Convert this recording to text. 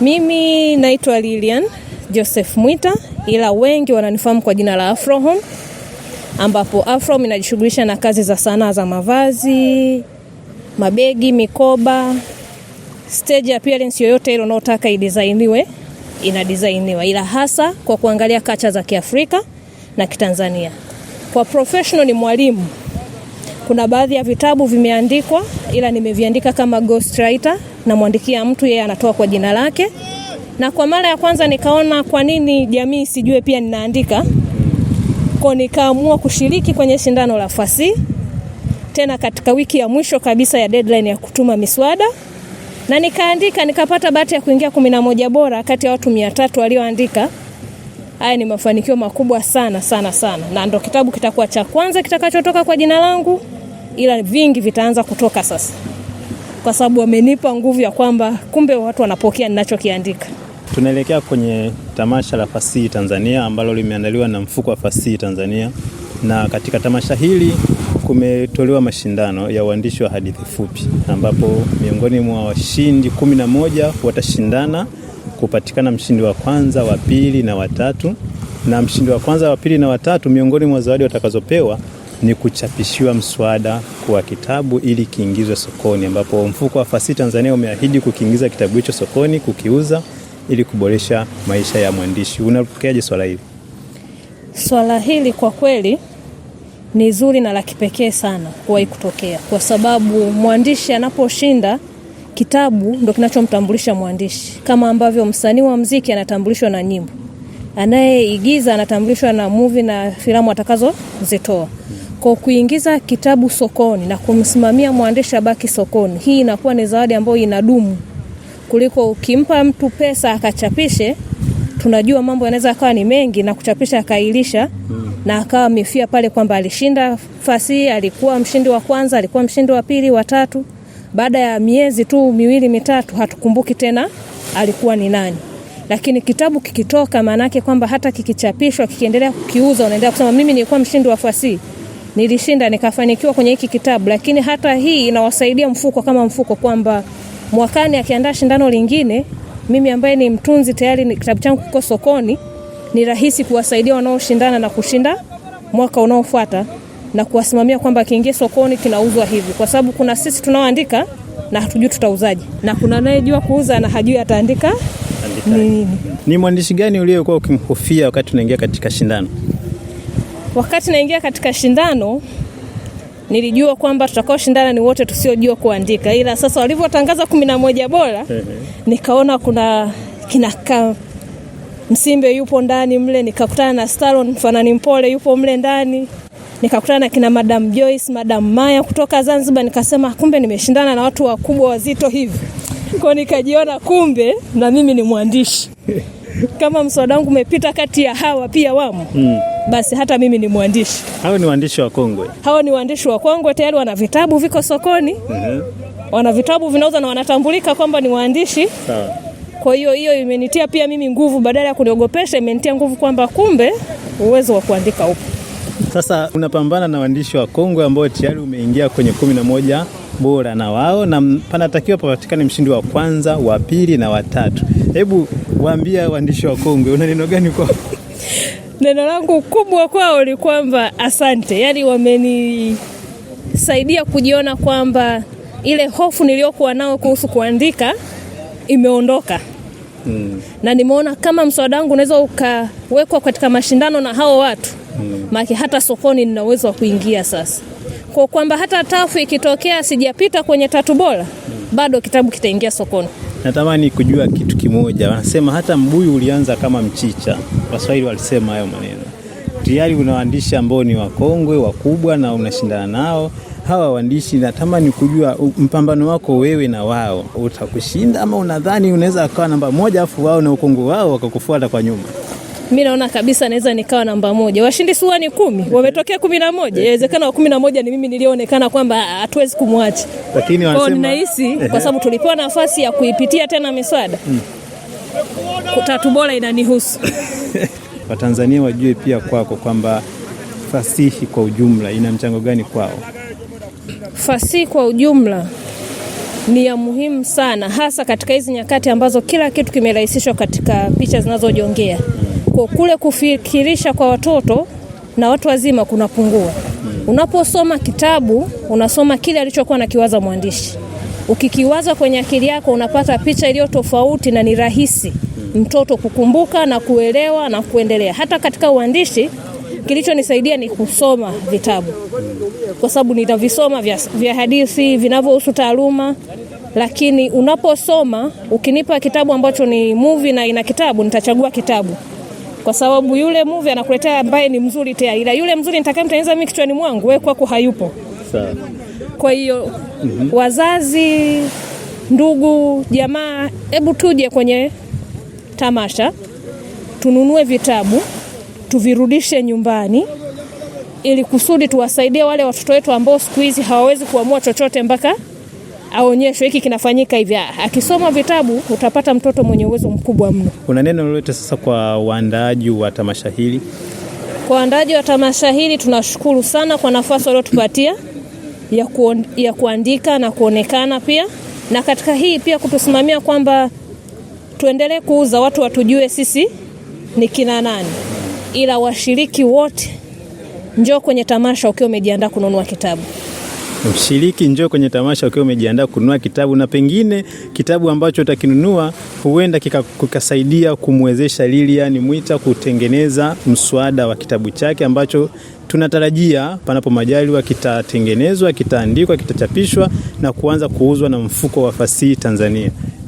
Mimi naitwa Lilian Joseph Mwita, ila wengi wananifahamu kwa jina la Afrohome, ambapo Afrohome inajishughulisha na kazi za sanaa za mavazi, mabegi, mikoba, stage appearance yoyote ile unaotaka idizainiwe inadizainiwa, ila hasa kwa kuangalia kacha za Kiafrika na Kitanzania. Kwa professional ni mwalimu. Kuna baadhi ya vitabu vimeandikwa, ila nimeviandika kama ghostwriter namwandikia mtu, yeye anatoa kwa jina lake. Na kwa mara ya kwanza nikaona kwa nini jamii sijue pia ninaandika kwa, nikaamua kushiriki kwenye shindano la fasihi tena katika wiki ya mwisho kabisa ya deadline ya kutuma miswada na nikaandika, nikapata bahati ya kuingia kumi na moja bora kati ya watu mia tatu walioandika. Haya ni mafanikio makubwa sana sana sana, na ndo kitabu kitakuwa cha kwanza kitakachotoka kwa jina langu, ila vingi vitaanza kutoka sasa kwa sababu wamenipa nguvu ya kwamba kumbe watu wanapokea ninachokiandika. Tunaelekea kwenye tamasha la fasihi Tanzania ambalo limeandaliwa na mfuko wa fasihi Tanzania, na katika tamasha hili kumetolewa mashindano ya uandishi wa hadithi fupi, ambapo miongoni mwa washindi kumi na moja watashindana kupatikana mshindi wa kwanza, wa pili na watatu, na mshindi wa kwanza, wa pili na watatu, miongoni mwa zawadi watakazopewa ni kuchapishiwa mswada kwa kitabu ili kiingizwe sokoni, ambapo mfuko wa fasihi Tanzania umeahidi kukiingiza kitabu hicho sokoni, kukiuza ili kuboresha maisha ya mwandishi. Unapokeaje swala hili? Swala hili kwa kweli ni zuri na la kipekee sana kuwahi kutokea, kwa sababu mwandishi anaposhinda kitabu ndo kinachomtambulisha mwandishi, kama ambavyo msanii wa mziki anatambulishwa na nyimbo, anayeigiza anatambulishwa na muvi na filamu atakazozitoa kwa kuingiza kitabu sokoni na kumsimamia mwandishi abaki sokoni, hii inakuwa ni zawadi ambayo inadumu kuliko ukimpa mtu pesa akachapishe. Tunajua mambo yanaweza akawa ni mengi na kuchapisha akailisha na akawa amefia pale kwamba alishinda fasi, alikuwa mshindi wa kwanza, alikuwa mshindi wa pili, wa tatu. Baada ya miezi tu miwili mitatu, hatukumbuki tena alikuwa ni nani. Lakini kitabu kikitoka, maana yake kwamba hata kikichapishwa, kikiendelea kukiuza, unaendelea kusema mimi nilikuwa mshindi wa fasihi nilishinda nikafanikiwa kwenye hiki kitabu, lakini hata hii inawasaidia mfuko kama mfuko kwamba mwakani akiandaa shindano lingine, mimi ambaye ni mtunzi tayari kitabu changu kiko sokoni, ni rahisi kuwasaidia wanaoshindana na kushinda mwaka unaofuata na kuwasimamia kwamba kiingie sokoni kinauzwa hivi, kwa sababu kuna sisi tunaoandika na hatujui tutauzaji na kuna anayejua kuuza na hajui ataandika nini. Ni mwandishi gani uliokuwa ukimhofia wakati unaingia katika shindano? Wakati naingia katika shindano nilijua kwamba tutakao shindana ni wote tusiojua kuandika, ila sasa walivyotangaza kumi na moja bora nikaona kuna kinaka Msimbe yupo ndani mle, nikakutana na Stalon Mfanani Mpole yupo mle ndani, nikakutana na kina Madam Joyce, Madam Maya kutoka Zanzibar. Nikasema kumbe nimeshindana na watu wakubwa wazito hivi, kwa nikajiona kumbe na mimi ni mwandishi kama mswada wangu umepita kati ya hawa pia wamo mm basi hata mimi ni mwandishi. Hao ni waandishi wa kongwe, hao ni waandishi wa kongwe tayari, wana vitabu viko sokoni. mm-hmm. wana vitabu vinauza na wanatambulika kwamba ni waandishi. Sawa. Kwa hiyo hiyo imenitia pia mimi nguvu, badala ya kuniogopesha, imenitia nguvu kwamba kumbe uwezo wa kuandika upo. Sasa unapambana na waandishi wa kongwe ambao tayari umeingia kwenye kumi na moja bora na wao, na panatakiwa papatikane mshindi wa kwanza, wa pili na watatu. Hebu waambia waandishi wa kongwe, una neno gani kwao? neno langu kubwa kwao ni kwamba asante, yaani wamenisaidia kujiona kwamba ile hofu niliyokuwa nao kuhusu kuandika imeondoka. Hmm. Na nimeona kama mswada wangu unaweza ukawekwa katika mashindano na hao watu hmm. Maki hata sokoni nina uwezo wa kuingia sasa, kwa kwamba hata tafu ikitokea sijapita kwenye tatu bora, bado kitabu kitaingia sokoni. Natamani kujua kitu kimoja, wanasema hata mbuyu ulianza kama mchicha. Waswahili walisema hayo maneno. Tayari una waandishi ambao ni wakongwe wakubwa na unashindana nao hawa waandishi. Natamani kujua mpambano wako wewe na wao, utakushinda ama unadhani unaweza akawa namba moja afu wao na ukongwe wao wakakufuata kwa nyuma? mi naona kabisa naweza nikawa namba moja. Washindi suwa ni kumi, wametokea kumi na moja. Inawezekana wa kumi na moja ni mimi nilionekana kwamba hatuwezi kumwacha, lakini wanasema ninahisi kwa sababu tulipewa nafasi ya kuipitia tena miswada hmm. tatu bora inanihusu Watanzania wajue pia kwako kwamba fasihi kwa ujumla ina mchango gani kwao? Fasihi kwa ujumla ni ya muhimu sana, hasa katika hizi nyakati ambazo kila kitu kimerahisishwa katika picha zinazojongea ambapo kule kufikirisha kwa watoto na watu wazima kunapungua. Unaposoma kitabu unasoma kile alichokuwa nakiwaza mwandishi. Ukikiwaza kwenye akili yako unapata picha iliyo tofauti, na ni rahisi mtoto kukumbuka na kuelewa na kuendelea. Hata katika uandishi, kilichonisaidia ni kusoma vitabu, kwa sababu nitavisoma vya, vya hadithi vinavyohusu taaluma lakini unaposoma ukinipa kitabu ambacho ni movie na ina kitabu, nitachagua kitabu kwa sababu yule muvi anakuletea ambaye ni mzuri tayari, ila yule mzuri nitakayemtengeneza mimi kichwani mwangu wewe kwako hayupo. Sawa. Kwa hiyo mm -hmm. Wazazi, ndugu, jamaa, hebu tuje kwenye tamasha tununue vitabu tuvirudishe nyumbani ili kusudi tuwasaidie wale watoto wetu ambao siku hizi hawawezi kuamua chochote mpaka aonyeshwe hiki kinafanyika hivi. Akisoma vitabu utapata mtoto mwenye uwezo mkubwa mno. Kuna neno lolote sasa kwa waandaaji wa tamasha hili? Kwa waandaaji wa tamasha hili tunashukuru sana kwa nafasi waliotupatia ya, kuon, ya kuandika na kuonekana pia na katika hii pia kutusimamia kwamba tuendelee kuuza, watu watujue sisi ni kina nani, ila washiriki wote njoo kwenye tamasha ukiwa umejiandaa kununua kitabu. Mshiriki, njoo kwenye tamasha ukiwa umejiandaa kununua kitabu, na pengine kitabu ambacho utakinunua huenda kikasaidia kumwezesha Lilian Mwita kutengeneza mswada wa kitabu chake ambacho tunatarajia panapo majaliwa kitatengenezwa, kitaandikwa, kitachapishwa na kuanza kuuzwa na Mfuko wa Fasihi Tanzania.